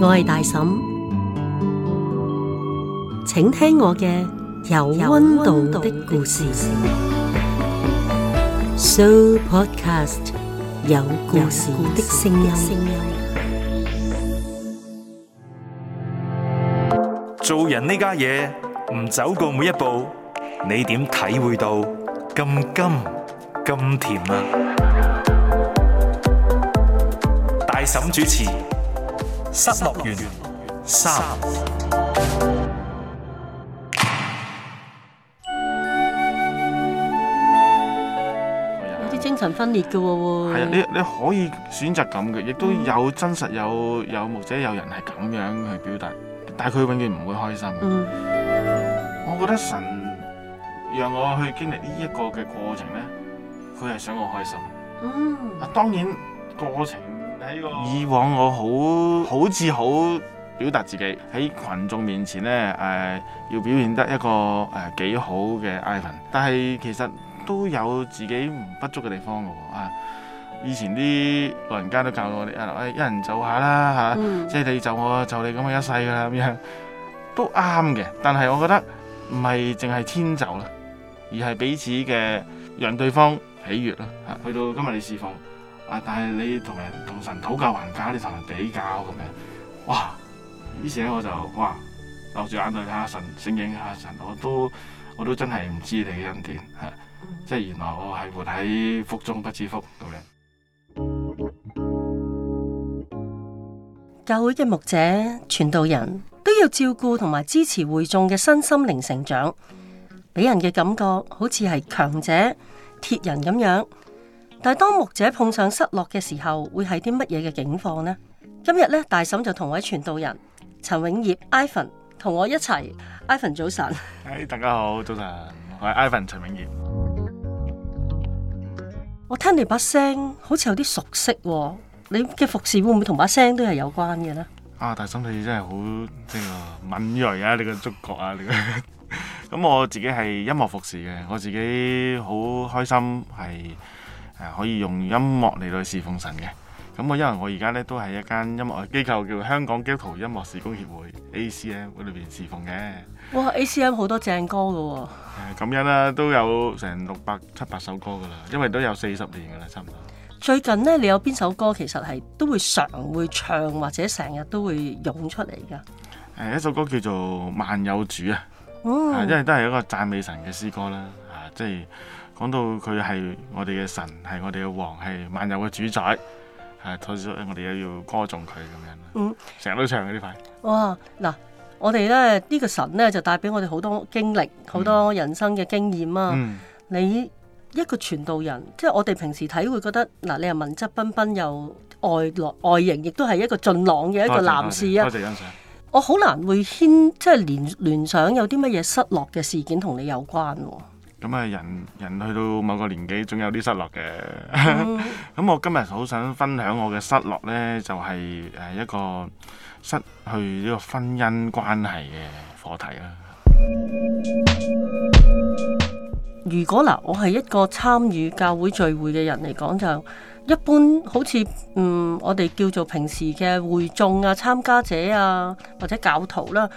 我係大嬸，請聽我嘅有溫度的故事。Show Podcast 有故事的聲音。做人呢家嘢唔走過每一步，你點體會到咁甘咁甜啊？大嬸主持。失落完三，有啲精神分裂嘅喎。係啊，你你可以選擇咁嘅，亦都有真實有有或者有人係咁樣去表達，但係佢永遠唔會開心。嗯，我覺得神讓我去經歷呢一個嘅過程咧，佢係想我開心。嗯，啊，當然過程。以往我好好自豪表達自己喺群眾面前呢，誒、呃、要表現得一個誒幾、呃、好嘅愛人，但係其實都有自己唔不足嘅地方嘅喎啊！以前啲老人家都教到我哋、哎、一人就一下啦嚇，啊嗯、即係你就我，就你咁嘅一世㗎啦咁樣，都啱嘅。但係我覺得唔係淨係遷就啦，而係彼此嘅讓對方喜悅啦、啊、去到今日你釋放。啊！但係你同人同神討價還價，你同人比較咁樣，哇！於是咧我就哇，流住眼淚下神，醒醒下神，我都我都真係唔知你嘅恩典吓，即係原來我係活喺福中不知福咁樣。教會嘅牧者、傳道人都要照顧同埋支持會眾嘅身心靈成長，俾人嘅感覺好似係強者、鐵人咁樣。但係當牧者碰上失落嘅時候，會係啲乜嘢嘅境況呢？今日咧，大嬸就同位傳道人陳永業 Ivan 同我一齊。Ivan 早晨，hey, 大家好，早晨，我係 Ivan 陳永業。我聽你把聲，好似有啲熟悉，你嘅服侍會唔會同把聲都係有關嘅呢？啊，大嬸你真係好，即係敏銳啊！你個觸覺啊，你嘅，咁 我自己係音樂服侍嘅，我自己好開心係。可以用音樂嚟到侍奉神嘅。咁我因為我而家咧都係一間音樂機構叫香港基督徒音樂事工協會 ACM 裏邊侍奉嘅。哇，ACM 好多正歌噶喎、哦。誒，咁樣啦、啊，都有成六百七百首歌噶啦，因為都有四十年噶啦，差唔多。最近呢，你有邊首歌其實係都會常會唱，或者成日都會湧出嚟噶？誒、欸，一首歌叫做《萬有主》哦、啊。因為都係一個讚美神嘅詩歌啦。啊，即係。講到佢係我哋嘅神，係我哋嘅王，係萬有嘅主宰，係、啊、我哋又要歌頌佢咁樣。成日、嗯、都唱嘅呢排。哇！嗱，我哋咧呢、這個神咧就帶俾我哋好多經歷，好、嗯、多人生嘅經驗啊。嗯、你一個傳道人，即係我哋平時睇會覺得，嗱，你文質彬彬又文質彬彬，又外外型，亦都係一個俊朗嘅一個男士啊。多謝，多謝，多謝欣賞。我好難會牽，即係聯聯想有啲乜嘢失落嘅事件同你有關、啊。咁啊，人人去到某個年紀，總有啲失落嘅、mm。咁、hmm. 我今日好想分享我嘅失落呢，就係、是、誒一個失去呢個婚姻關係嘅課題啦。如果嗱、啊，我係一個參與教會聚會嘅人嚟講、就是，就一般好似嗯，我哋叫做平時嘅會眾啊、參加者啊或者教徒啦、啊，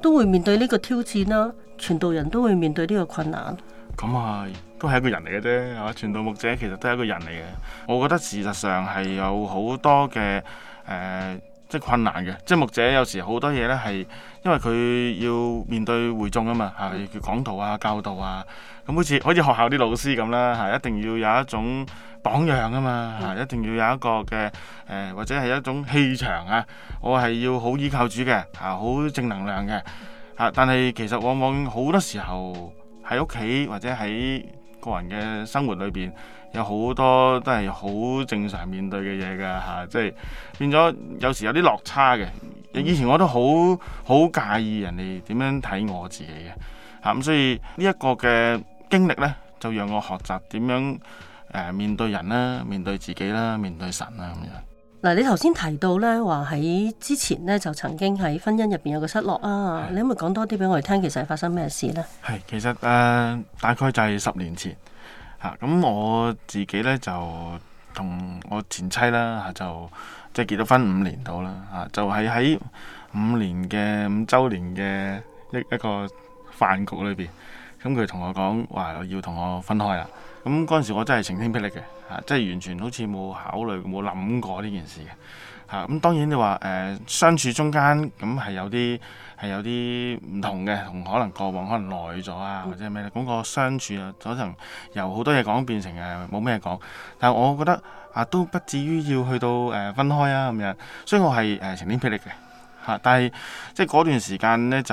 都會面對呢個挑戰啦、啊。傳道人都會面對呢個困難。咁啊，都係一個人嚟嘅啫，嚇！傳道牧者其實都係一個人嚟嘅。我覺得事實上係有好多嘅誒、呃，即係困難嘅。即係牧者有時好多嘢咧，係因為佢要面對會眾啊嘛，係講道啊、教導啊。咁好似好似學校啲老師咁啦，嚇，一定要有一種榜樣啊嘛，嚇、嗯，一定要有一個嘅誒、呃，或者係一種氣場啊。我係要好依靠主嘅，嚇、啊，好正能量嘅。嚇、啊，但係其實往往好多時候，喺屋企或者喺個人嘅生活裏邊，有好多都係好正常面對嘅嘢㗎吓，即係變咗有時有啲落差嘅。以前我都好好介意人哋點樣睇我自己嘅吓，咁所以呢一個嘅經歷呢，就讓我學習點樣誒、呃、面對人啦，面對自己啦，面對神啦咁樣。嗱，你頭先提到咧話喺之前咧就曾經喺婚姻入邊有個失落啊，你可唔可以講多啲俾我哋聽其，其實係發生咩事呢？係，其實誒大概就係十年前嚇，咁、啊、我自己咧就同我前妻啦嚇、啊，就即係結咗婚五年到啦嚇，就係、是、喺五年嘅五週年嘅一一個飯局裏邊，咁佢同我講話要同我分開啦。咁嗰陣時我真係晴天霹靂嘅，嚇、啊，即係完全好似冇考慮冇諗過呢件事嘅，嚇、啊。咁、嗯、當然你話誒、呃、相處中間咁係、嗯、有啲係有啲唔同嘅，同可能過往可能耐咗啊或者咩咧，咁、嗯、個相處啊可能由好多嘢講變成誒冇咩講，但係我覺得啊都不至於要去到誒、呃、分開啊咁樣，所以我係誒晴天霹靂嘅，嚇、啊。但係即係嗰段時間咧就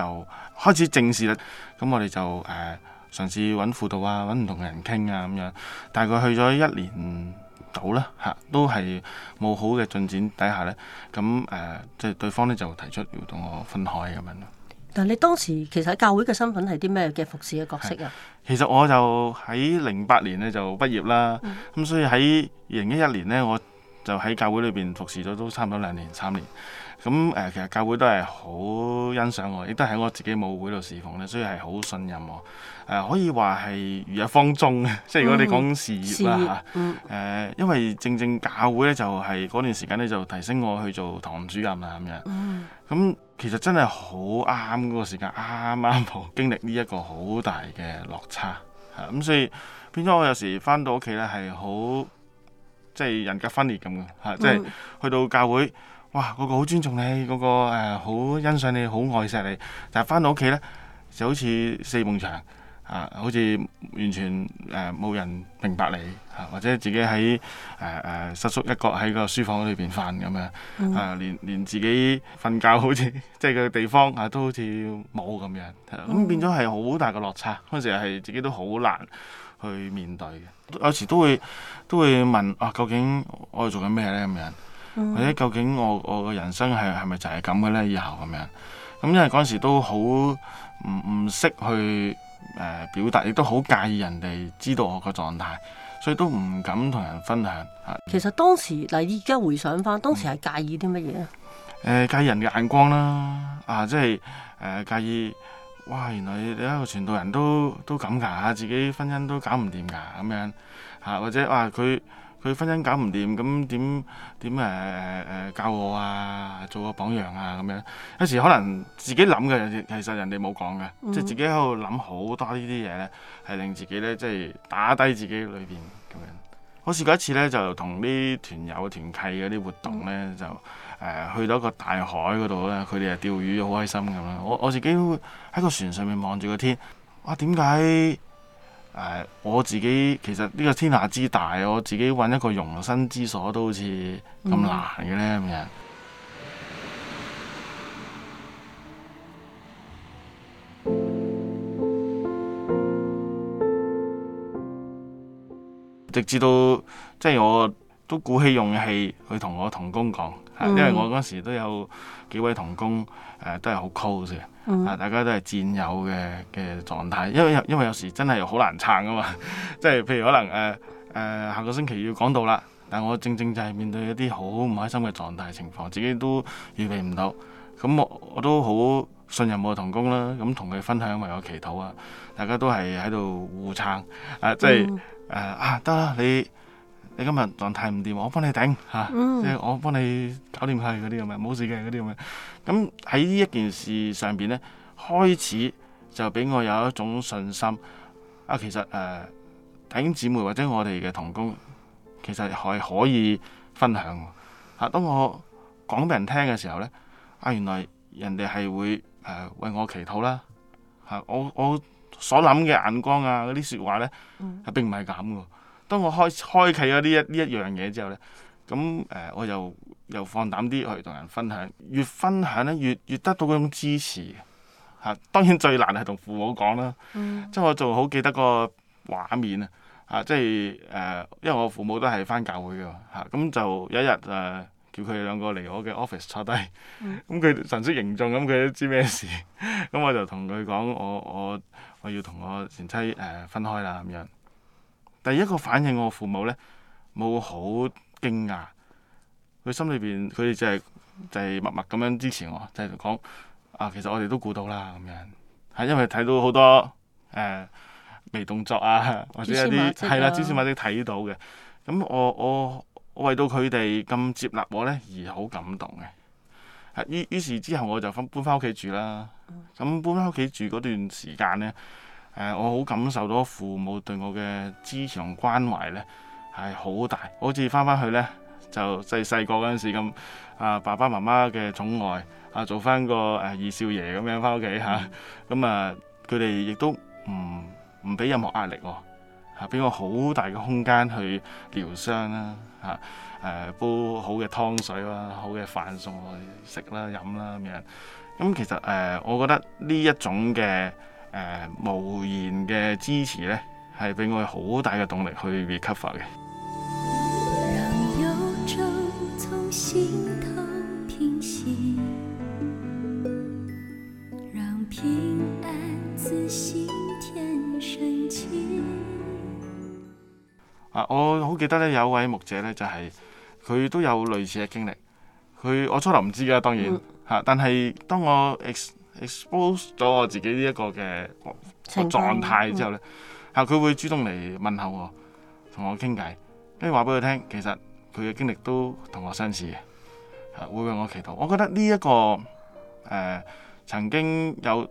開始正視啦，咁我哋就誒。呃呃嘗試揾輔導啊，揾唔同嘅人傾啊咁樣，大概去咗一年到啦，嚇都係冇好嘅進展底下呢。咁誒即係對方呢，就提出要同我分開咁樣咯。但係你當時其實喺教會嘅身份係啲咩嘅服侍嘅角色啊？其實我就喺零八年呢就畢業啦，咁、嗯、所以喺二零一一年呢，我就喺教會裏邊服侍咗都差唔多兩年三年。咁誒、呃，其實教會都係好欣賞我，亦都喺我自己母會度侍奉咧，所以係好信任我。誒、呃，可以話係如日方中 即係如果你講事業啦吓，誒，因為正正教會咧就係、是、嗰段時間咧就提升我去做堂主任啦咁樣。咁、嗯、其實真係好啱嗰個時間，啱啱、嗯、好經歷呢一個好大嘅落差吓，咁所以變咗我有時翻到屋企咧係好，即、就、係、是、人格分裂咁嘅吓，即係、就是、去到教會。哇！嗰個好尊重你，嗰個好、呃、欣賞你，好愛錫你。但係翻到屋企呢，就好似四面牆啊，好似完全誒冇、啊、人明白你、啊、或者自己喺誒誒瑟縮一角喺個書房裏邊瞓咁樣啊，嗯、連連自己瞓覺好似即係個地方啊，都好似冇咁樣。咁、啊、變咗係好大嘅落差。嗰陣時係自己都好難去面對嘅。有時都會都會問啊，「究竟我係做緊咩呢？」咁樣。或者、嗯、究竟我我嘅人生係係咪就係咁嘅咧？以後咁樣，咁、嗯、因為嗰陣時都好唔唔識去誒、呃、表達，亦都好介意人哋知道我嘅狀態，所以都唔敢同人分享吓。啊、其實當時嗱，而家回想翻，當時係介意啲乜嘢咧？誒、嗯呃，介意人嘅眼光啦、啊，啊，即係誒、呃、介意，哇，原來你一個傳道人都都咁噶、啊，自己婚姻都搞唔掂噶咁樣吓、啊，或者話佢。啊佢婚姻搞唔掂，咁點點誒誒教我啊，做個榜樣啊咁樣。有時可能自己諗嘅，其實人哋冇講嘅，嗯、即係自己喺度諗好多呢啲嘢咧，係令自己咧即係打低自己裏邊咁樣。我試過一次咧，就同啲團友團契嗰啲活動咧，嗯、就誒、呃、去到一個大海嗰度咧，佢哋啊釣魚好開心咁啦。我我自己喺個船上面望住個天，哇點解？誒、uh, 我自己其實呢個天下之大，我自己揾一個容身之所都好似咁難嘅咧咁樣，嗯、直至到即係我都鼓起勇氣去同我同工講。因為我嗰時都有幾位同工誒、呃，都係好 close 嘅，啊、呃，大家都係戰友嘅嘅狀態。因為因為有時真係好難撐噶嘛，即 係譬如可能誒誒、呃呃，下個星期要講到啦講道，但我正正就係面對一啲好唔開心嘅狀態情況，自己都預備唔到。咁我我都好信任我嘅同工啦，咁同佢分享為我祈禱啊，大家都係喺度互撐，誒即係誒啊得啦你。你今日狀態唔掂，我幫你頂嚇，即係、mm. 啊、我幫你搞掂佢嗰啲咁樣，冇事嘅嗰啲咁樣。咁喺呢一件事上邊咧，開始就俾我有一種信心。啊，其實誒、啊、弟兄姊妹或者我哋嘅同工，其實係可以分享嚇、啊。當我講俾人聽嘅時候咧，啊，原來人哋係會誒、啊、為我祈禱啦。嚇、啊，我我所諗嘅眼光啊，嗰啲説話咧，係、mm. 並唔係咁㗎。當我開開啓咗呢一呢一樣嘢之後咧，咁誒、呃、我又又放膽啲去同人分享，越分享咧越越得到嗰種支持嚇、啊。當然最難係同父母講啦，嗯、即係我仲好記得個畫面啊嚇，即係誒、呃，因為我父母都係返教會㗎嚇，咁、啊嗯、就有一日誒、呃、叫佢哋兩個嚟我嘅 office 坐低，咁、嗯、佢、嗯、神色凝重，咁佢都知咩事，咁 、嗯、我就同佢講我我我，我要同我前妻誒、呃、分開啦咁樣。第一個反應，我父母咧冇，好驚訝，佢心裏邊，佢哋就係、是、就係、是、默默咁樣支持我，就係、是、講啊，其實我哋都估到啦咁樣，係因為睇到好多誒、呃、微動作啊，或者一啲係啦，蛛絲馬迹睇、啊、到嘅。咁我我我為到佢哋咁接納我咧而好感動嘅。係於於是之後我就分搬翻屋企住啦。咁搬翻屋企住嗰段時間咧。誒，我好感受到父母對我嘅支持同關懷呢係好大。好似翻翻去呢，就細細個嗰陣時咁，啊，爸爸媽媽嘅寵愛，啊，做翻個誒二少爺咁樣翻屋企嚇，咁啊，佢哋亦都唔唔俾任何壓力喎、啊，啊，俾我好大嘅空間去療傷啦、啊，嚇、啊，煲好嘅湯水啦、啊，好嘅飯餸去食啦、飲啦咁樣。咁、啊啊、其實誒、啊，我覺得呢一種嘅。誒、呃、無言嘅支持咧，係俾我好大嘅動力去 recover 嘅。啊，我好記得咧，有位牧者咧，就係、是、佢都有類似嘅經歷，佢我初頭唔知噶，當然嚇、嗯啊，但係當我。Expose 咗我自己呢一個嘅個狀態之後呢，啊佢、呃、會主動嚟問候我，同我傾偈，跟住話俾佢聽，其實佢嘅經歷都同我相似嘅，啊會為我祈禱。我覺得呢、這、一個誒、呃、曾經有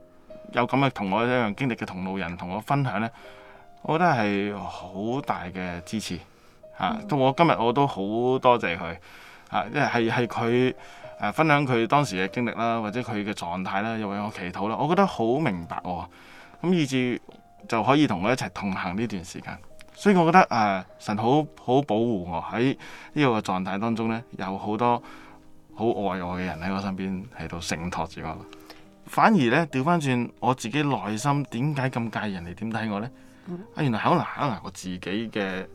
有咁嘅同我一樣經歷嘅同路人同我分享呢，我覺得係好大嘅支持，啊嗯、到我今日我都好多謝佢，啊！即係係佢。誒、啊、分享佢當時嘅經歷啦，或者佢嘅狀態啦，又為我祈禱啦，我覺得好明白喎、哦。咁、嗯、以致就可以同我一齊同行呢段時間，所以我覺得誒、啊、神好好保護我喺呢個狀態當中呢，有好多好愛我嘅人喺我身邊喺度承托住我。反而呢，掉返轉我自己內心點解咁介意人哋點睇我呢？啊，原來可能可能我自己嘅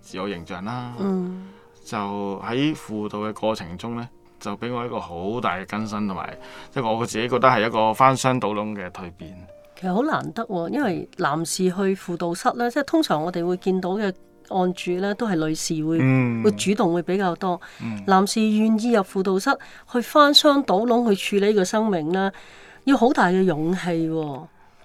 自我形象啦，嗯、就喺輔導嘅過程中呢。就俾我一個好大嘅更新，同埋即係我自己覺得係一個翻箱倒籠嘅蛻變。其實好難得、喎，因為男士去輔導室呢，即係通常我哋會見到嘅案主呢，都係女士會會主動會比較多。嗯、男士願意入輔導室去翻箱倒籠去處理個生命呢，要好大嘅勇氣、喎。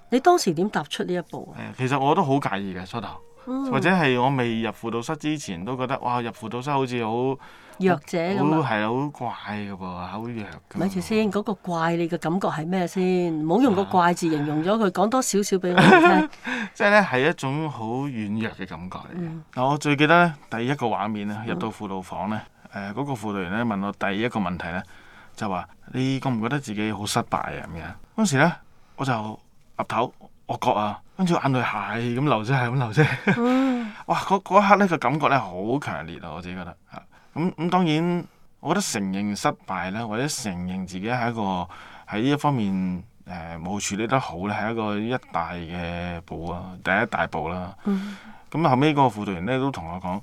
你當時點踏出呢一步？其實我都好介意嘅，初頭、嗯、或者係我未入輔導室之前都覺得，哇，入輔導室好似好。弱者咁啊，係好怪嘅噃，好弱。咪住先，嗰個怪你嘅感覺係咩先？唔好用個怪字形容咗佢，講多少少俾我聽。即係咧，係 一種好軟弱嘅感覺嚟嘅。嗱、嗯，我最記得咧，第一個畫面啊，入、嗯、到輔導房咧，誒、呃，嗰個輔導員咧問我第一個問題咧，就話你覺唔覺得自己好失敗啊咁樣？嗰時咧，我就岌頭，我覺啊，跟住眼淚係咁流，即係咁流啫。嗯、哇！嗰一刻咧個感覺咧好強烈啊！我自己覺得吓。咁咁、嗯、當然，我覺得承認失敗咧，或者承認自己係一個喺呢一方面誒冇、呃、處理得好咧，係一個一大嘅步啊，第一大步啦。咁、嗯、後尾嗰個輔導員咧都同我講，誒、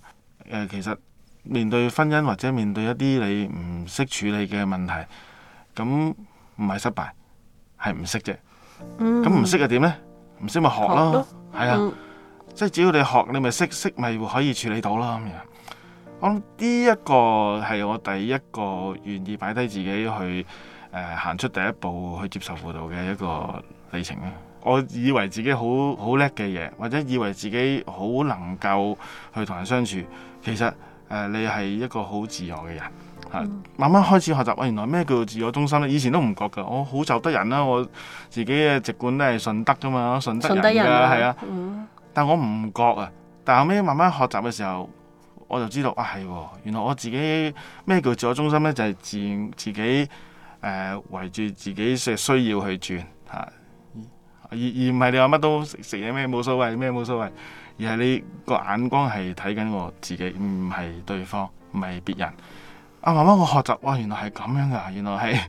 呃、其實面對婚姻或者面對一啲你唔識處理嘅問題，咁唔係失敗，係唔識啫。咁唔識又點咧？唔識咪學咯，係啊，嗯、即係只要你學，你咪識，識咪可以處理到咯咁樣。我諗呢一個係我第一個願意擺低自己去誒行、呃、出第一步去接受輔導嘅一個里程咧。我以為自己好好叻嘅嘢，或者以為自己好能夠去同人相處。其實誒、呃，你係一個好自我嘅人嚇。嗯、慢慢開始學習，原來咩叫自我中心咧？以前都唔覺㗎。我好就得人啦。我自己嘅籍貫都係順德㗎嘛，順德人㗎係啊。但我唔覺啊。但後尾慢慢學習嘅時候。我就知道啊，係原來我自己咩叫自我中心呢？就係、是、自自己誒圍住自己需要去轉吓、啊，而而唔係你話乜都食嘢咩冇所謂咩冇所謂，而係你個眼光係睇緊我自己，唔係對方，唔係別人。啊，慢慢我學習，哇，原來係咁樣噶，原來係，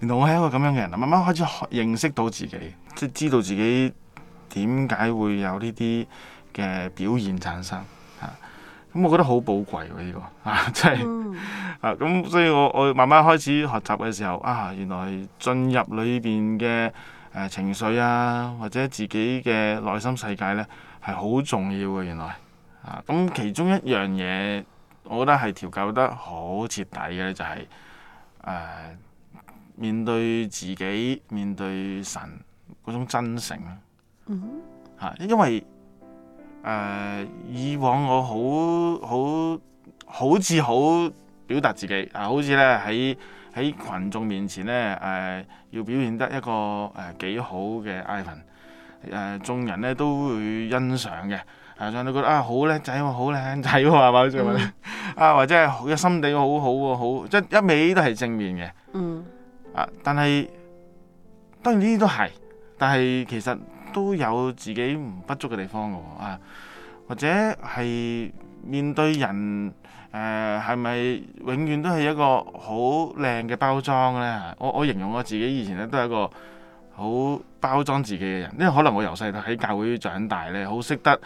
原來我係一個咁樣嘅人，慢慢開始認識到自己，即知道自己點解會有呢啲嘅表現產生。咁我覺得好寶貴喎呢個啊，即係啊咁、啊，所以我我慢慢開始學習嘅時候啊，原來進入裏邊嘅誒情緒啊，或者自己嘅內心世界咧，係好重要嘅原來啊。咁其中一樣嘢，我覺得係調教得好徹底嘅咧，就係、是、誒、啊、面對自己、面對神嗰種真誠啦。嗯、嚇，因為。誒、啊、以往我好好好似好表達自己啊，好似咧喺喺羣眾面前咧誒、啊，要表現得一個誒、啊、幾好嘅 event，誒眾人咧都會欣賞嘅，誒讓佢覺得啊好叻仔、哦、好靚仔喎，係咪先？或者啊，或者心地好好好即係一味都係正面嘅。嗯。Mm. 啊，但係當然呢啲都係，但係其實。都有自己唔不足嘅地方嘅，啊，或者係面對人誒，係、呃、咪永遠都係一個好靚嘅包裝呢？我我形容我自己以前咧，都係一個好包裝自己嘅人，因為可能我由細到大喺教會長大呢，好識得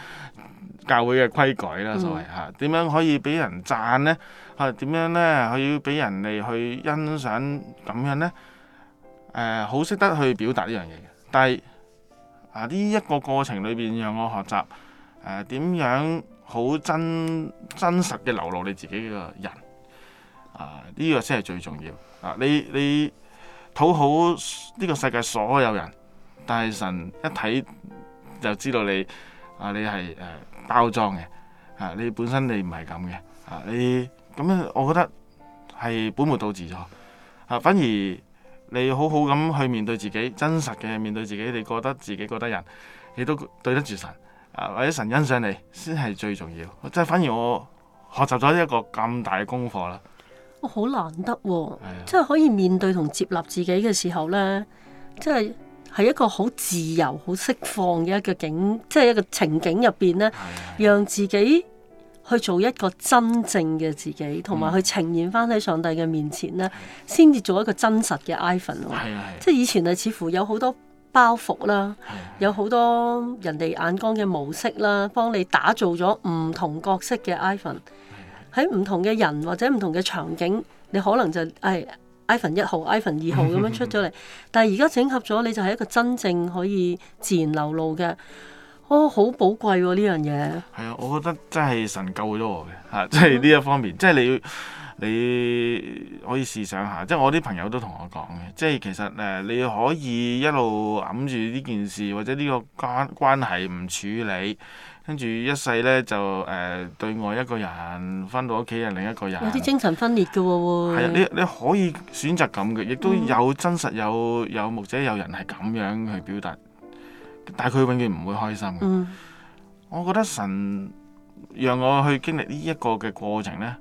教會嘅規矩啦，所謂吓點、啊、樣可以俾人讚呢？吓、啊、點樣咧可以俾人哋去欣賞咁樣呢，誒、呃，好識得去表達呢樣嘢，但係。啊！呢一個過程裏邊，讓我學習誒點樣好真真實嘅流露你自己嘅人啊！呢、這個先係最重要啊！你你討好呢個世界所有人，大神一睇就知道你啊，你係誒、啊、包裝嘅啊！你本身你唔係咁嘅啊！你咁樣、啊，我覺得係本末倒置咗。啊！反而。你好好咁去面對自己，真實嘅面對自己，你覺得自己覺得人，你都對得住神啊、呃，或者神欣賞你，先係最重要。即係反而我學習咗一個咁大嘅功課啦。我好、哦、難得、哦，即係可以面對同接納自己嘅時候呢，即係係一個好自由、好釋放嘅一個境，即係一個情景入邊呢，讓自己。去做一個真正嘅自己，同埋去呈現翻喺上帝嘅面前呢，先至做一個真實嘅 Ivan，即係以前係，似乎有好多包袱啦，是是是有好多人哋眼光嘅模式啦，幫你打造咗唔同角色嘅 Ivan。喺唔同嘅人或者唔同嘅場景，你可能就、哎、Ivan 一號、Ivan 二號咁樣出咗嚟。但係而家整合咗，你就係一個真正可以自然流露嘅。哦，好、oh, 寶貴喎、啊！呢樣嘢係啊，我覺得真係神救咗我嘅嚇，即係呢一方面，即係你要你可以試想下，即係我啲朋友都同我講嘅，即係其實誒你可以一路揞住呢件事或者呢個關關係唔處理，跟住一世咧就誒、呃、對外一個人，翻到屋企係另一個人，有啲精神分裂嘅喎、哦，係啊，你你可以選擇咁嘅，亦都有真實有有牧者有人係咁樣去表達。嗯。但係佢永遠唔會開心。嗯，我覺得神讓我去經歷呢一個嘅過程呢，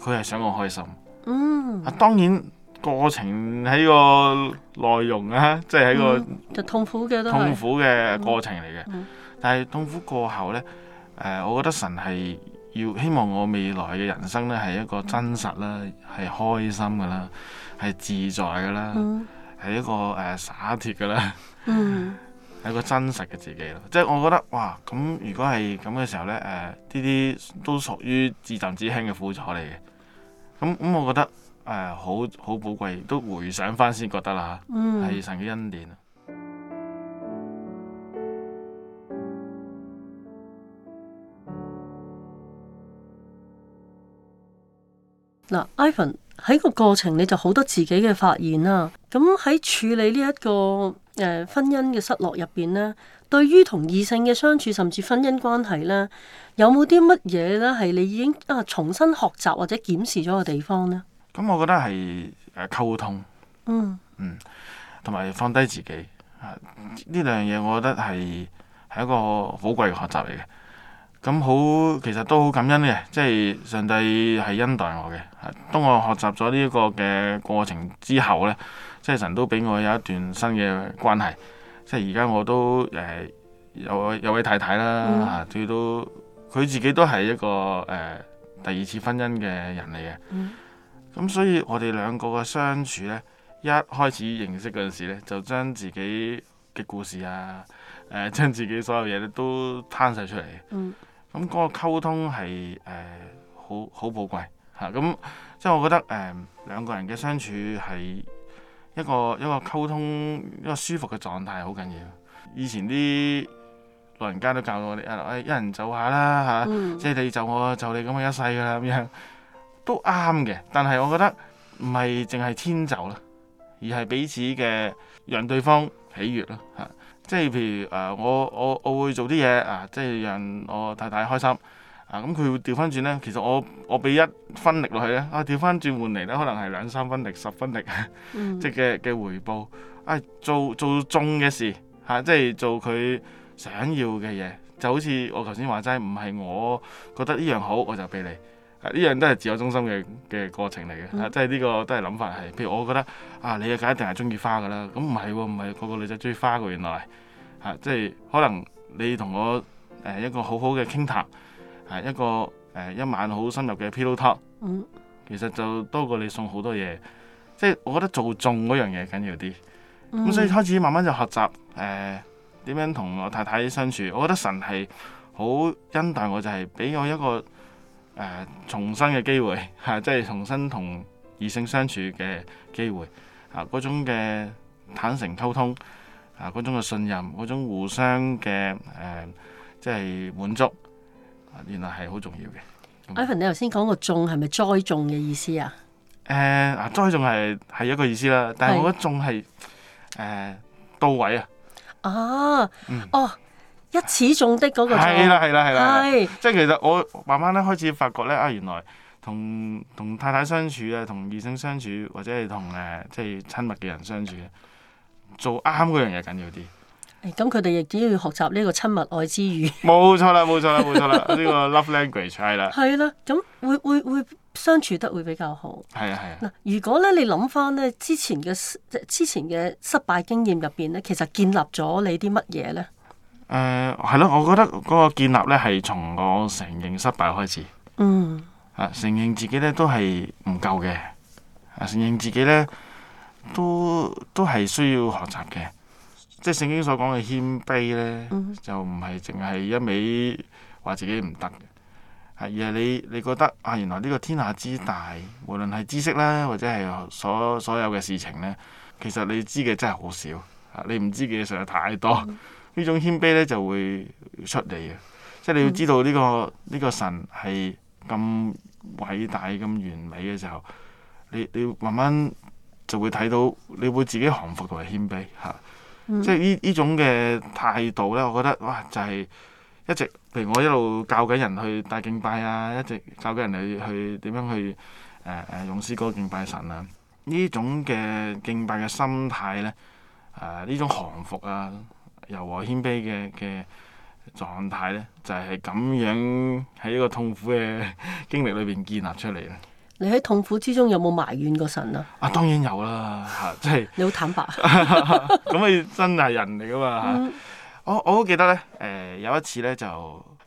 佢係想我開心。嗯，啊，當然過程喺個內容啊，即係喺個、嗯、痛苦嘅痛苦嘅過程嚟嘅。嗯嗯、但係痛苦過後呢，誒、呃，我覺得神係要希望我未來嘅人生呢，係一個真實啦，係開心噶啦，係自在噶啦，係、嗯、一個誒灑脫噶啦。呃係個真實嘅自己咯，即、就、係、是、我覺得哇，咁如果係咁嘅時候呢，誒、呃，呢啲都屬於自重自輕嘅苦楚嚟嘅。咁、呃、咁、嗯，我覺得誒、呃，好好寶貴，都回想翻先覺得啦吓，係神嘅恩典啊。嗱、嗯、Ivan 喺個過程你就好多自己嘅發現啦，咁喺處理呢、這、一個。誒、呃，婚姻嘅失落入邊呢，對於同異性嘅相處，甚至婚姻關係呢，有冇啲乜嘢呢？係你已經啊重新學習或者檢視咗個地方呢？咁、嗯嗯啊嗯、我覺得係誒溝通，嗯同埋放低自己啊呢兩樣嘢，我覺得係係一個寶貴嘅學習嚟嘅。咁好，其實都好感恩嘅，即、就、係、是、上帝係恩待我嘅，啊。當我學習咗呢個嘅過程之後呢。即係神都俾我有一段新嘅關係，即係而家我都誒、呃、有有位太太啦吓，佢、嗯啊、都佢自己都係一個誒、呃、第二次婚姻嘅人嚟嘅。咁、嗯、所以我哋兩個嘅相處咧，一開始認識嗰陣時咧，就將自己嘅故事啊，誒、呃，將自己所有嘢咧都攤晒出嚟。咁嗰、嗯、個溝通係誒、呃、好好，好寶貴吓，咁、啊、即係我覺得誒、呃、兩個人嘅相處係。一個，一個溝通，一個舒服嘅狀態，好緊要。以前啲老人家都教我哋啊，一人就一下啦嚇，嗯、即係你就我，就你咁嘅一世㗎啦咁樣，都啱嘅。但係我覺得唔係淨係遷就啦，而係彼此嘅讓對方喜悅咯嚇。即係譬如誒，我我我會做啲嘢啊，即係讓我太太開心。咁佢會調翻轉咧。其實我我俾一分力落去咧，啊調翻轉換嚟咧，可能係兩三分力、十分力，即嘅嘅回報。啊，做做中嘅事嚇、啊，即係做佢想要嘅嘢。就好似我頭先話齋，唔係我覺得呢樣好，我就俾你。啊，呢樣都係自我中心嘅嘅過程嚟嘅。啊，即係呢個都係諗法係。譬如我覺得啊，你嘅梗一定係中意花㗎啦。咁唔係喎，唔係個個女仔中意花㗎。原來嚇、啊，即係可能你同我誒、呃、一個好好嘅傾談。一個誒、呃、一晚好深入嘅 pillow talk，其實就多過你送好多嘢，即係我覺得做眾嗰樣嘢緊要啲。咁所以開始慢慢就學習誒點樣同我太太相處。我覺得神係好恩待我，就係、是、俾我一個誒、呃、重生嘅機會，吓、啊、即係重新同異性相處嘅機會，吓、啊、嗰種嘅坦誠溝通，吓、啊、嗰種嘅信任，嗰種互相嘅誒、呃、即係滿足。原來係好重要嘅。要 Ivan，你頭先講個種係咪栽種嘅意思啊？誒，栽種係係、呃、一個意思啦，但係我覺得種係誒到位啊。哦、啊嗯、哦，一始「種的嗰、那個係啦係啦係啦，係。即係其實我慢慢咧開始發覺咧啊，原來同同太太相處啊，同異性相處或者係同誒即係親密嘅人相處，做啱嗰樣嘢緊要啲。咁佢哋亦都要學習呢個親密愛之語，冇錯啦，冇錯啦，冇錯啦，呢 個 love language 係啦，係啦，咁會會會相處得會比較好，係啊係啊。嗱、啊，如果咧你諗翻咧之前嘅之前嘅失敗經驗入邊咧，其實建立咗你啲乜嘢咧？誒係咯，我覺得嗰個建立咧係從我承認失敗開始，嗯啊，承認自己咧都係唔夠嘅，啊承認自己咧都都係需要學習嘅。即係聖經所講嘅謙卑咧，嗯、就唔係淨係一味話自己唔得嘅，係而係你你覺得啊，原來呢個天下之大，無論係知識啦，或者係所所有嘅事情咧，其實你知嘅真係好少，你唔知嘅實在太多。嗯、種謙呢種謙卑咧就會出嚟嘅，即係你要知道呢、呢個呢、呢個神係咁偉大咁完美嘅時候，你你慢慢就會睇到你會自己降服同埋謙卑吓。啊嗯、即係呢呢種嘅態度咧，我覺得哇，就係、是、一直，譬如我一路教緊人去帶敬拜啊，一直教緊人嚟去點樣去誒誒、呃，用詩歌敬拜神啊。呢種嘅敬拜嘅心態咧，誒、呃、呢種降服啊柔和謙卑嘅嘅狀態咧，就係、是、咁樣喺一個痛苦嘅經歷裏邊建立出嚟咧。你喺痛苦之中有冇埋怨過神啊？啊，當然有啦，即係你好坦白，咁你、啊即係、真係人嚟噶嘛？我我好記得咧，誒、呃、有一次咧就誒、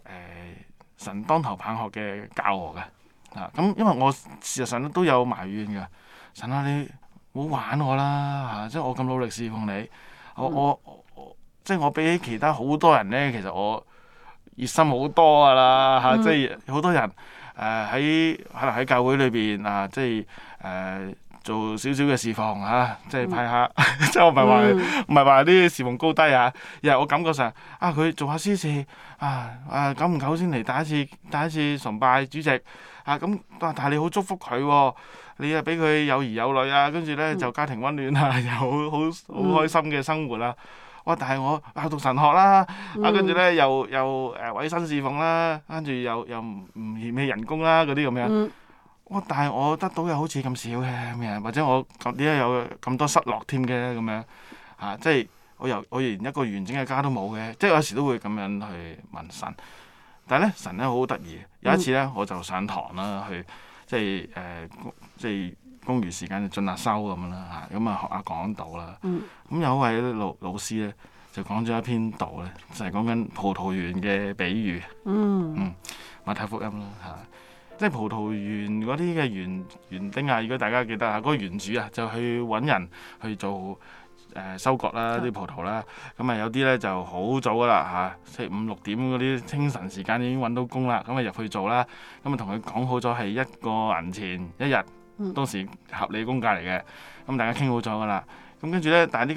呃、神當頭棒喝嘅教我噶吓咁，啊嗯嗯、因為我事實上都有埋怨嘅神啊，你唔好玩我啦吓、啊，即係我咁努力侍奉你，我、嗯、我即係我比起其他好多人咧，其實我熱心好多噶啦吓，即係好多人。Yar> 誒喺、呃、可能喺教會裏邊啊，即係誒、呃、做少少嘅事奉嚇、啊，即係派下，即係、嗯、我唔係話唔係話啲事奉高低啊。又係我感覺上啊，佢做下施事啊啊，久唔久先嚟第一次第一次崇拜主席啊，咁、啊、但係你好祝福佢、哦，你又俾佢有兒有女啊，跟住咧就家庭溫暖啊，又好好好，好，好，好開心嘅生活啊。哇！但係我啊讀神學啦，嗯、啊跟住咧又又誒委身侍奉啦，跟住又又唔唔嫌棄人工啦嗰啲咁樣。哇、嗯啊！但係我得到嘅好似咁少嘅咩？或者我咁而家有咁多失落添嘅咁樣嚇，即係我由我連一個完整嘅家都冇嘅，即係有時都會咁樣去問神。但係咧神咧好得意，有一次咧我就上堂啦，去即係誒、呃、即係。工餘時間就進下修咁樣啦，嚇咁啊學下講道啦。咁、嗯嗯、有位老老師咧就講咗一篇道咧，就係、是、講緊葡萄園嘅比喻。嗯嗯，馬、嗯、太福音啦嚇，即係葡萄園嗰啲嘅園園丁啊，如果大家記得啊，嗰、那個園主啊就去揾人去做誒、呃、收割啦啲葡萄啦。咁啊有啲咧就好早噶啦嚇，四五六點嗰啲清晨時間已經揾到工啦，咁啊入去做啦。咁啊同佢講好咗係一個銀錢一日。當時合理工價嚟嘅，咁大家傾好咗噶啦。咁跟住咧，但係呢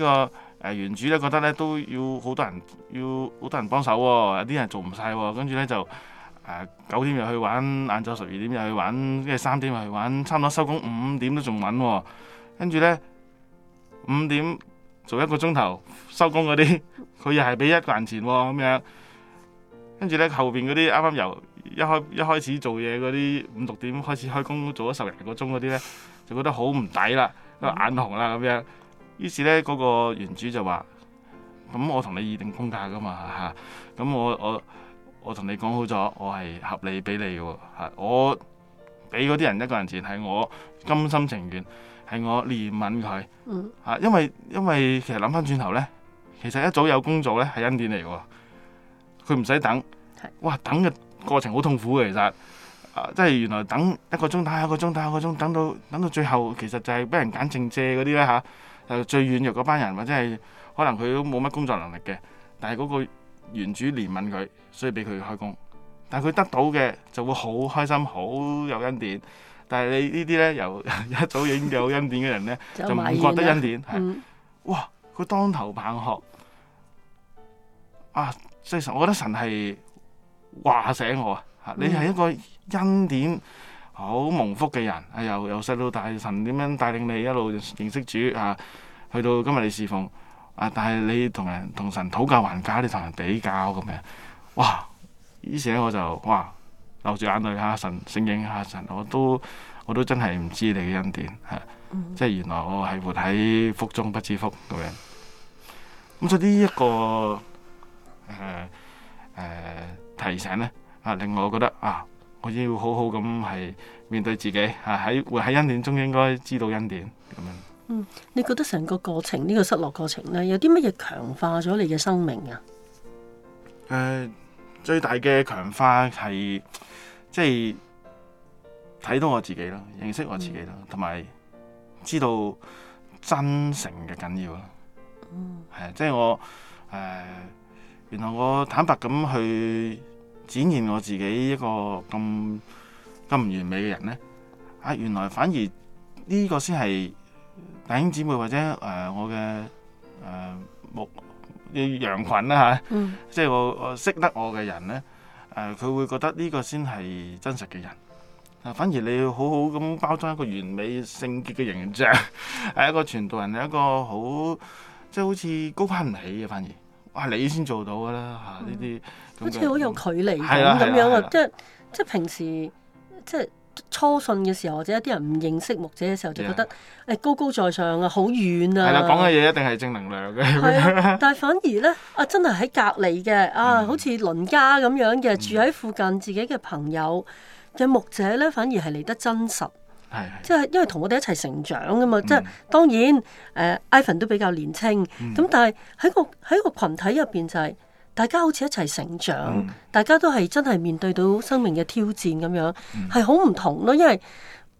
個誒原主咧覺得咧都要好多人要好多人幫手喎，有啲人做唔晒喎。跟住咧就誒九點又去玩，晏晝十二點又去玩，跟住三點又去玩，差唔多收工五點都仲搵喎。跟住咧五點做一個鐘頭收工嗰啲，佢又係俾一個人錢咁樣。跟住咧後邊嗰啲啱啱由。一開一開始做嘢嗰啲五六點開始開工，做咗十零個鐘嗰啲咧，就覺得好唔抵啦，眼紅啦咁樣。於是咧，嗰、那個原主就話：咁我同你議定工價噶嘛吓，咁、啊、我我我同你講好咗，我係合理俾你嘅吓、啊。我俾嗰啲人一個人錢係我甘心情願，係我憐憫佢吓。因為因為其實諗翻轉頭咧，其實一早有工做咧係恩典嚟嘅，佢唔使等哇，等嘅。過程好痛苦嘅，其實，啊，即係原來等一個鐘頭，一個鐘頭，一個鐘等到等到最後，其實就係俾人揀剩借嗰啲咧嚇，啊、最軟弱嗰班人或者係可能佢都冇乜工作能力嘅，但係嗰個原主憐憫佢，所以俾佢開工，但係佢得到嘅就會好開心，好有恩典。但係你呢啲咧由 一早已經有恩典嘅人咧，就唔覺得恩典，嗯、哇！佢當頭棒喝啊！即係我覺得神係。話醒我啊！你係一個恩典好蒙福嘅人，由由細到大，神點樣帶領你一路認識主啊？去到今日你侍奉啊！但係你同人同神討價還價，你同人比較咁樣、啊，哇！於是咧我就哇，流住眼淚下、啊、神，醒應下、啊、神，我都我都真係唔知你嘅恩典吓、啊，即係原來我係活喺福中不知福咁樣。咁、啊啊、所以呢、這、一個。提醒咧啊！令我覺得啊，我要好好咁係面對自己啊，喺活喺恩典中應該知道恩典咁樣。嗯，你覺得成個過程呢、這個失落過程咧，有啲乜嘢強化咗你嘅生命啊？誒、呃，最大嘅強化係即係睇到我自己咯，認識我自己咯，同埋、嗯、知道真誠嘅緊要咯。係啊、嗯，即係、就是、我誒、呃，原來我坦白咁去。展現我自己一個咁咁唔完美嘅人呢？啊，原來反而呢個先係弟兄姊妹或者誒、呃、我嘅誒牧羊群、啊。啦、啊、嚇，嗯、即係我我識得我嘅人呢，誒、啊、佢會覺得呢個先係真實嘅人，啊反而你要好好咁包裝一個完美聖潔嘅形象，係、啊、一個傳道人係一個即好即係好似高攀唔起嘅反而，哇、啊、你先做到㗎啦嚇呢啲。啊好似好有距離咁咁樣啊！即係即係平時即係初信嘅時候，或者一啲人唔認識牧者嘅時候，就覺得誒高高在上啊，好遠啊！係啦，講嘅嘢一定係正能量嘅。但係反而呢，啊，真係喺隔離嘅啊，好似鄰家咁樣嘅，住喺附近自己嘅朋友嘅牧者呢，反而係嚟得真實。即係因為同我哋一齊成長噶嘛，即係當然誒，Ivan 都比較年青，咁但係喺個喺個羣體入邊就係。大家好似一齊成長，mm. 大家都係真係面對到生命嘅挑戰咁樣，係好唔同咯。因為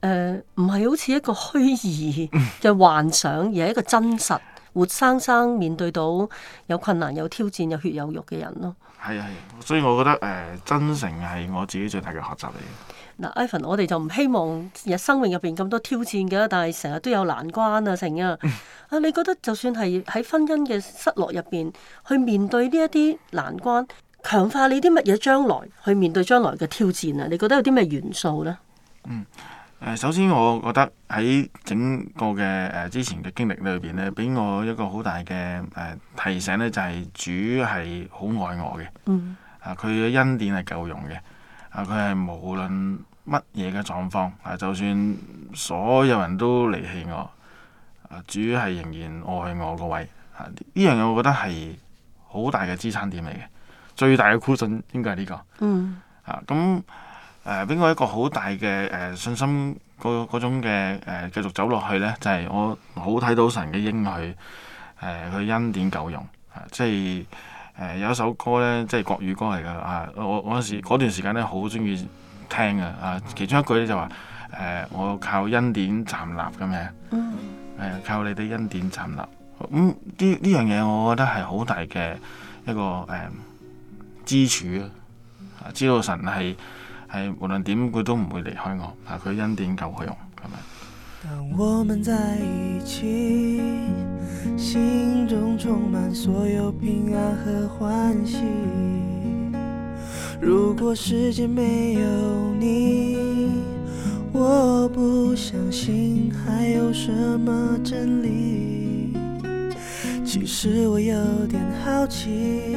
誒唔係好似一個虛擬嘅幻想，而係一個真實。活生生面對到有困難、有挑戰、有血有肉嘅人咯。係啊，係啊，所以我覺得誒、呃，真誠係我自己最大嘅學習嚟嘅。嗱，Ivan，我哋就唔希望日生命入邊咁多挑戰嘅，但係成日都有難關啊，成啊。啊、嗯，你覺得就算係喺婚姻嘅失落入邊，去面對呢一啲難關，強化你啲乜嘢將來去面對將來嘅挑戰啊？你覺得有啲咩元素呢？嗯。誒，首先我覺得喺整個嘅誒之前嘅經歷裏邊咧，俾我一個好大嘅誒提醒咧，就係主係好愛我嘅，啊、嗯，佢嘅恩典係夠用嘅，啊，佢係無論乜嘢嘅狀況，啊，就算所有人都離棄我，啊，主係仍然愛我個位，啊，呢樣嘢我覺得係好大嘅支撐點嚟嘅，最大嘅 cushion 應該係呢個，嗯，啊，咁。誒，俾、呃、我一個好大嘅誒、呃、信心，嗰、呃、種嘅誒、呃、繼續走落去咧，就係、是、我好睇到神嘅應許，誒、呃、佢恩典夠用、啊、即係誒、呃、有一首歌咧，即係國語歌嚟噶啊！我嗰時嗰段時間咧，好中意聽啊！啊，其中一句就話誒、呃，我靠恩典站立咁樣，嗯、啊，靠你哋恩典站立。咁呢呢樣嘢，我覺得係好大嘅一個誒、呃、支柱啊！知道神係。係，無論點佢都唔會離開我，但係佢恩典夠可用，係咪？當我們在一起，心中充滿所有平安和歡喜。如果世界沒有你，我不相信還有什麼真理。其實我有點好奇。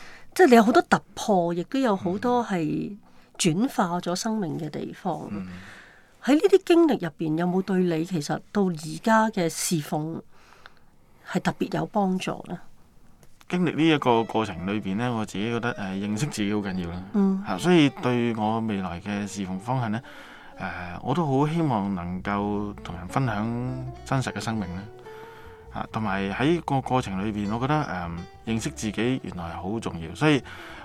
即係你有好多突破，亦都有好多係轉化咗生命嘅地方。喺呢啲經歷入邊，有冇對你其實到而家嘅侍奉係特別有幫助呢？經歷呢一個過程裏邊呢，我自己覺得誒、呃，認識自己好緊要啦、嗯啊。所以對我未來嘅侍奉方向呢，誒、呃，我都好希望能夠同人分享真實嘅生命咧。同埋喺個過程裏邊，我覺得誒、嗯、認識自己原來係好重要，所以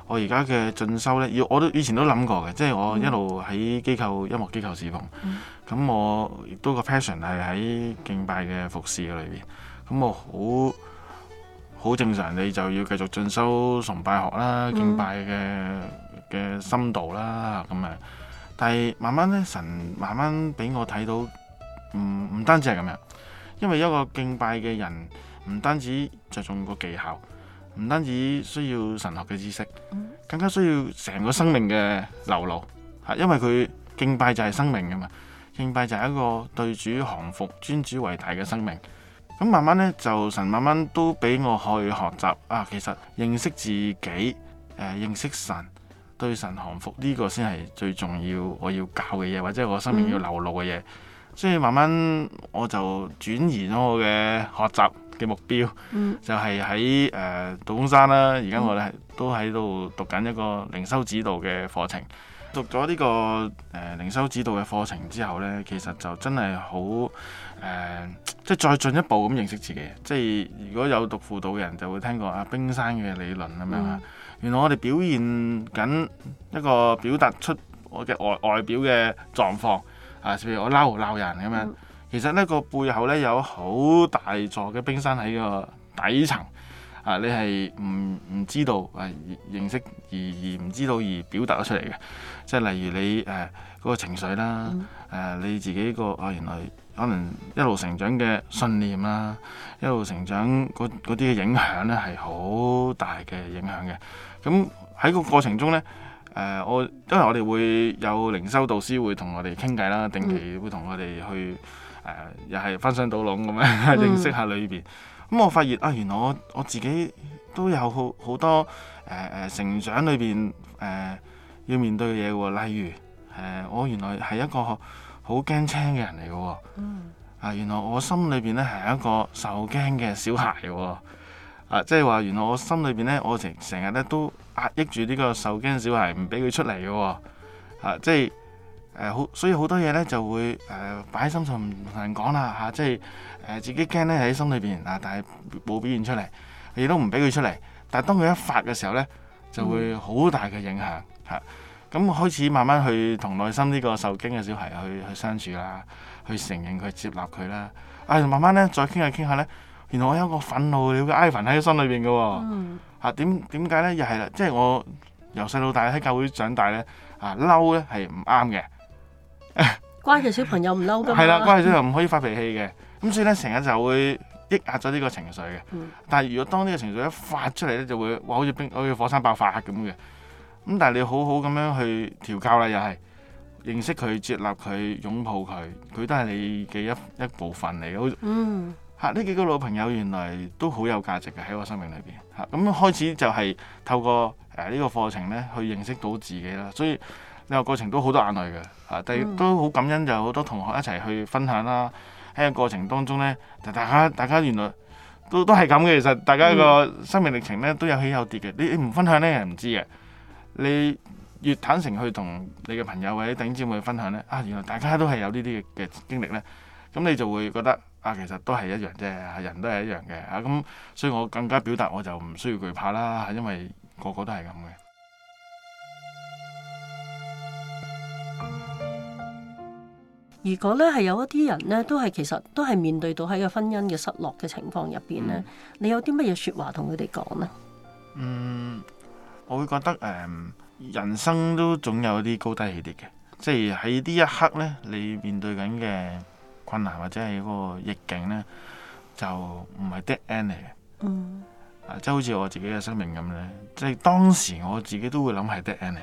我而家嘅進修呢，要我都以前都諗過嘅，即係我一路喺機構音樂機構侍奉，咁、嗯、我亦都個 passion 係喺敬拜嘅服侍裏邊，咁我好好正常，你就要繼續進修崇拜學啦，敬拜嘅嘅深度啦，咁啊，但係慢慢呢，神慢慢俾我睇到，唔、嗯、唔單止係咁樣。因為一個敬拜嘅人唔單止着重個技巧，唔單止需要神學嘅知識，更加需要成個生命嘅流露，吓，因為佢敬拜就係生命㗎嘛，敬拜就係一個對主降服、尊主為大嘅生命。咁慢慢咧，就神慢慢都俾我去學習啊，其實認識自己，誒、呃，認識神，對神降服呢、這個先係最重要我要教嘅嘢，或者我生命要流露嘅嘢。嗯所以慢慢我就轉移咗我嘅學習嘅目標，嗯、就係喺誒道風山啦。而家我哋、嗯、都喺度讀緊一個靈修指導嘅課程。讀咗呢、這個誒靈、呃、修指導嘅課程之後呢，其實就真係好誒、呃，即係再進一步咁認識自己。即係如果有讀輔導嘅人就會聽過阿、啊、冰山嘅理論咁樣。原來我哋表現緊一個表達出我嘅外外表嘅狀況。啊，譬如我嬲鬧人咁樣，其實呢個背後呢，有好大座嘅冰山喺個底層。啊，你係唔唔知道啊，認識而而唔知道而表達咗出嚟嘅，即係例如你誒嗰、呃那個情緒啦，誒、呃、你自己個啊原來可能一路成長嘅信念啦，一路成長嗰嗰啲影響呢，係好大嘅影響嘅。咁喺個過程中呢。誒、呃、我因為我哋會有靈修導師會同我哋傾偈啦，定期會同我哋去誒、呃，又係翻箱倒籠咁樣認識下裏邊。咁、嗯嗯、我發現啊，原來我我自己都有好好多誒誒、呃、成長裏邊誒要面對嘅嘢喎。例如誒、呃，我原來係一個好驚青嘅人嚟嘅喎。嗯、啊，原來我心裏邊咧係一個受驚嘅小孩喎、哦。啊，即係話原來我心裏邊咧，我成成日咧都壓抑住呢個受驚嘅小孩，唔俾佢出嚟嘅喎。即係誒好，所以好多嘢咧就會誒擺喺心上唔同人講啦。嚇、啊，即係誒、呃、自己驚咧喺心裏邊嗱，但係冇表現出嚟，亦都唔俾佢出嚟。但係當佢一發嘅時候咧，就會好大嘅影響嚇。咁、嗯啊、開始慢慢去同內心呢個受驚嘅小孩去去，去相處啦，去承認佢、接納佢啦。啊，慢慢咧再傾下傾下咧。原來我有個憤怒嘅埃凡喺心裏邊嘅喎，嚇，點解咧？又係啦，即係我由細到大喺教會長大咧，啊，嬲咧係唔啱嘅，關係小朋友唔嬲嘅，係啦 ，關係小朋友唔可以發脾氣嘅，咁所以咧成日就會抑壓咗呢個情緒嘅。嗯、但係如果當呢個情緒一發出嚟咧，就會哇，好似冰，好似火山爆發咁嘅。咁但係你好好咁樣去調教啦，又係認識佢、接納佢、擁抱佢，佢都係你嘅一一部分嚟嘅。嗯。嚇！呢、啊、幾個老朋友原來都好有價值嘅喺我生命裏邊嚇，咁、啊嗯、開始就係透過誒呢、啊這個課程咧去認識到自己啦。所以呢個過程都好多眼淚嘅嚇、啊，但亦都好感恩就好多同學一齊去分享啦、啊。喺個過程當中咧，就大家大家原來都都係咁嘅。其實大家個生命歷程咧都有起有跌嘅。你你唔分享咧，唔知嘅。你越坦誠去同你嘅朋友或者頂尖姊妹分享咧，啊，原來大家都係有呢啲嘅經歷咧。咁你就會覺得。啊，其實都係一樣啫，人都係一樣嘅啊，咁所以我更加表達我就唔需要懼怕啦，因為個個都係咁嘅。如果咧係有一啲人咧，都係其實都係面對到喺個婚姻嘅失落嘅情況入邊咧，嗯、你有啲乜嘢説話同佢哋講呢？嗯，我會覺得誒、嗯，人生都總有啲高低起跌嘅，即係喺呢一刻咧，你面對緊嘅。困難或者係嗰個逆境呢，就唔係 dead end 嚟嘅。即係、嗯啊、好似我自己嘅生命咁呢，即、就、係、是、當時我自己都會諗係 dead end 嚟嘅。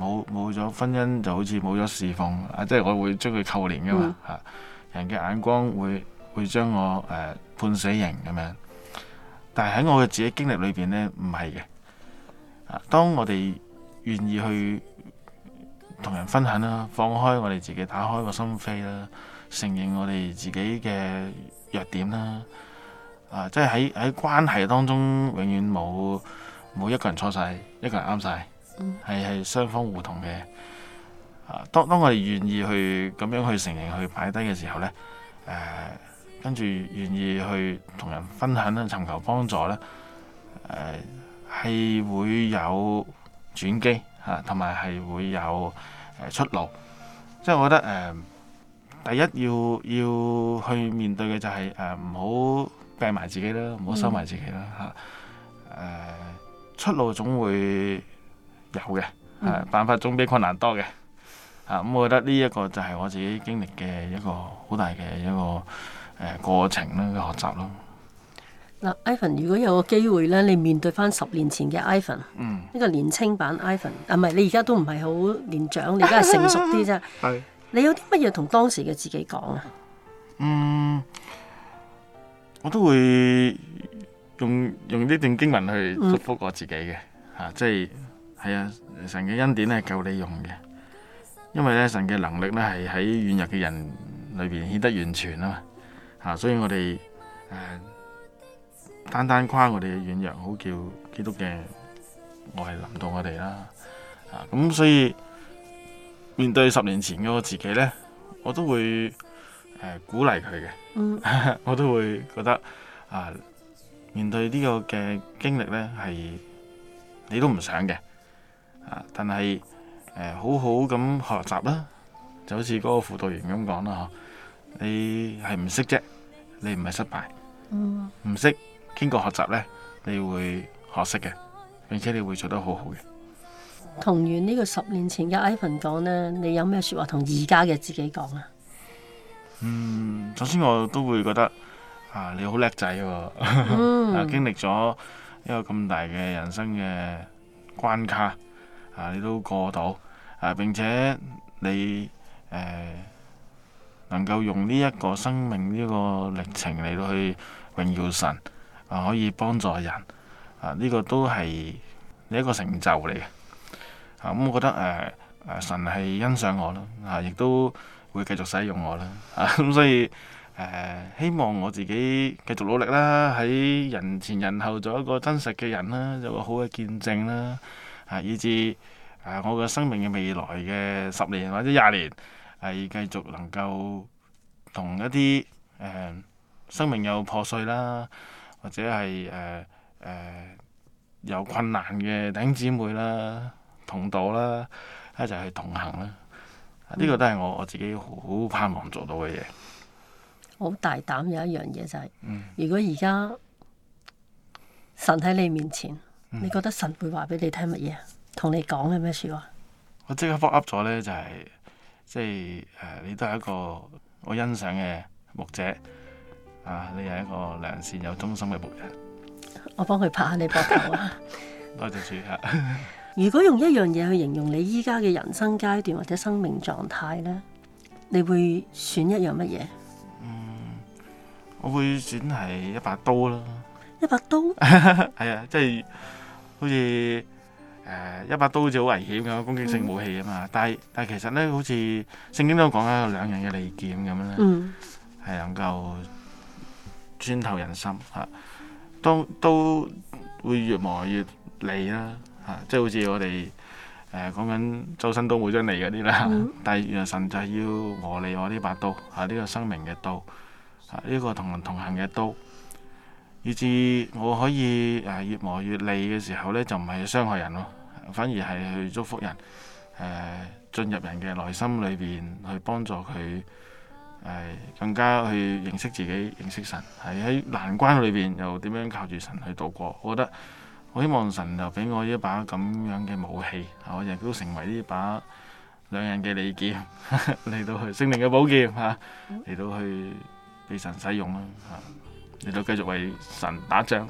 冇冇咗婚姻就好似冇咗侍奉啊，即、就、係、是、我會將佢扣連噶嘛。嚇、嗯啊，人嘅眼光會會將我誒、呃、判死刑咁樣。但係喺我嘅自己經歷裏邊呢，唔係嘅。啊，當我哋願意去，同人分享啦，放開我哋自己，打開個心扉啦，承認我哋自己嘅弱點啦。啊，即係喺喺關係當中，永遠冇冇一個人錯晒，一個人啱晒，係係雙方互動嘅。啊，當當我哋願意去咁樣去承認、去擺低嘅時候咧，誒、啊，跟住願意去同人分享啦，尋求幫助咧，係，啊，會有轉機。啊，同埋係會有誒出路，即、就、係、是、我覺得誒、呃、第一要要去面對嘅就係誒唔好病埋自己啦，唔好收埋自己啦嚇，誒出路總會有嘅，係、啊、辦法總比困難多嘅啊！咁、嗯嗯、我覺得呢一個就係我自己經歷嘅一個好大嘅一個誒過程啦，嘅學習咯。嗱，Ivan，如果有個機會咧，你面對翻十年前嘅 Ivan，呢個年青版 Ivan，啊，唔係你而家都唔係好年長，你而家係成熟啲啫。係。你有啲乜嘢同當時嘅自己講啊？嗯，我都會用用呢段經文去祝福我自己嘅吓、嗯啊，即係係啊，神嘅恩典係夠你用嘅，因為咧神嘅能力咧係喺軟弱嘅人裏邊顯得完全啦、啊、吓、啊，所以我哋誒。啊單單誇我哋嘅軟弱，好叫基督嘅愛臨到我哋啦。咁、啊、所以面對十年前嘅我自己呢，我都會、呃、鼓勵佢嘅。嗯、我都會覺得啊，面對呢個嘅經歷呢，係你都唔想嘅、啊。但係、呃、好好咁學習啦，就好似嗰個輔導員咁講啦。你係唔識啫，你唔係失敗。唔識、嗯。經過學習呢，你會學識嘅，並且你會做得好好嘅。同完呢個十年前嘅 Ivan 講呢，你有咩說話同而家嘅自己講啊？嗯，首先我都會覺得啊，你好叻仔，啊、嗯、經歷咗一個咁大嘅人生嘅關卡啊，你都過到啊，並且你誒、啊、能夠用呢一個生命呢個歷程嚟到去榮耀神。啊，可以幫助人啊，呢、這個都係一個成就嚟嘅啊。咁我覺得誒誒、呃、神係欣賞我啦，啊，亦都會繼續使用我啦啊。咁所以誒、呃，希望我自己繼續努力啦，喺人前人後做一個真實嘅人啦，做個好嘅見證啦，啊，以致誒、呃、我嘅生命嘅未來嘅十年或者廿年係繼、啊、續能夠同一啲誒、呃、生命又破碎啦。或者係誒誒有困難嘅兄姊妹啦、同道啦，一齊、啊、就去同行啦。呢、嗯、個都係我我自己好盼望做到嘅嘢。好大膽有一樣嘢就係、是，嗯、如果而家神喺你面前，你覺得神會話俾你聽乜嘢啊？同你講嘅咩說話？嗯、我即刻復 up 咗咧，就係即係誒，你都係一個我欣賞嘅牧者。啊！你係一個良善有忠心嘅僕人，我幫佢拍下你膊頭啊！多謝主持。如果用一樣嘢去形容你依家嘅人生階段或者生命狀態咧，你會選一樣乜嘢？嗯，我會選係一把刀囉 、啊就是呃。一把刀？係啊，即係好似誒一把刀好似好危險咁，攻擊性武器啊嘛、嗯。但係但係其實咧，好似聖經都講緊兩樣嘅利劍咁樣咧，嗯，係能夠。.穿透人心，吓、啊、都都會越磨越利啦，吓、啊、即係好似我哋誒、呃、講緊周身都冇張利嗰啲啦。嗯、但係原來神就係要磨利我呢把刀，吓、啊、呢、這個生命嘅刀，吓、啊、呢、這個同人同行嘅刀，以致我可以誒越磨越利嘅時候咧，就唔係傷害人咯，反而係去祝福人，誒、啊、進入人嘅內心裏邊去幫助佢。係更加去認識自己、認識神，係喺難關裏邊又點樣靠住神去度過？我覺得我希望神就俾我一把咁樣嘅武器，我亦都成為呢把兩人嘅利劍，嚟 到去聖靈嘅寶劍吓，嚟、啊、到去俾神使用啦吓，嚟、啊、到繼續為神打仗。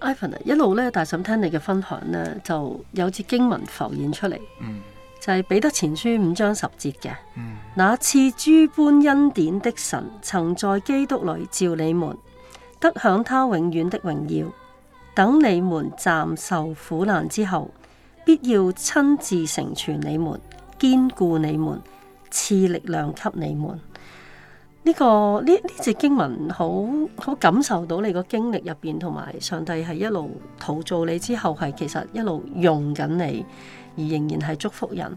Ivan 啊，一路咧大嬸聽你嘅分享呢，就有次經文浮現出嚟。嗯就係彼得前書五章十節嘅，嗯、那賜諸般恩典的神，曾在基督裏召你們，得享他永遠的榮耀。等你們暫受苦難之後，必要親自成全你們，堅固你們，賜力量給你們。呢、這個呢呢隻經文好好感受到你個經歷入邊，同埋上帝係一路陶造你之後，係其實一路用緊你，而仍然係祝福人，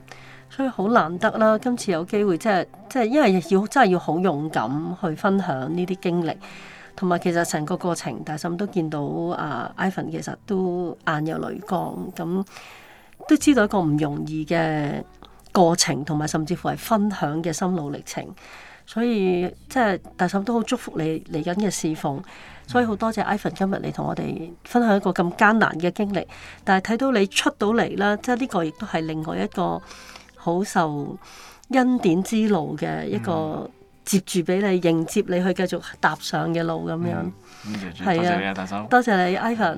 所以好難得啦！今次有機會、就是，即係即係，因為要真係要好勇敢去分享呢啲經歷，同埋其實成個過程，大嬸都見到啊、uh,，Ivan 其實都眼有淚光，咁、嗯、都知道一個唔容易嘅過程，同埋甚至乎係分享嘅心路歷程。所以即係大嫂都好祝福你嚟緊嘅侍奉，所以好多謝 Ivan 今日你同我哋分享一個咁艱難嘅經歷。但係睇到你出到嚟啦，即係呢個亦都係另外一個好受恩典之路嘅一個接住俾你迎接你去繼續踏上嘅路咁樣。係啊，大嫂，多謝你 Ivan。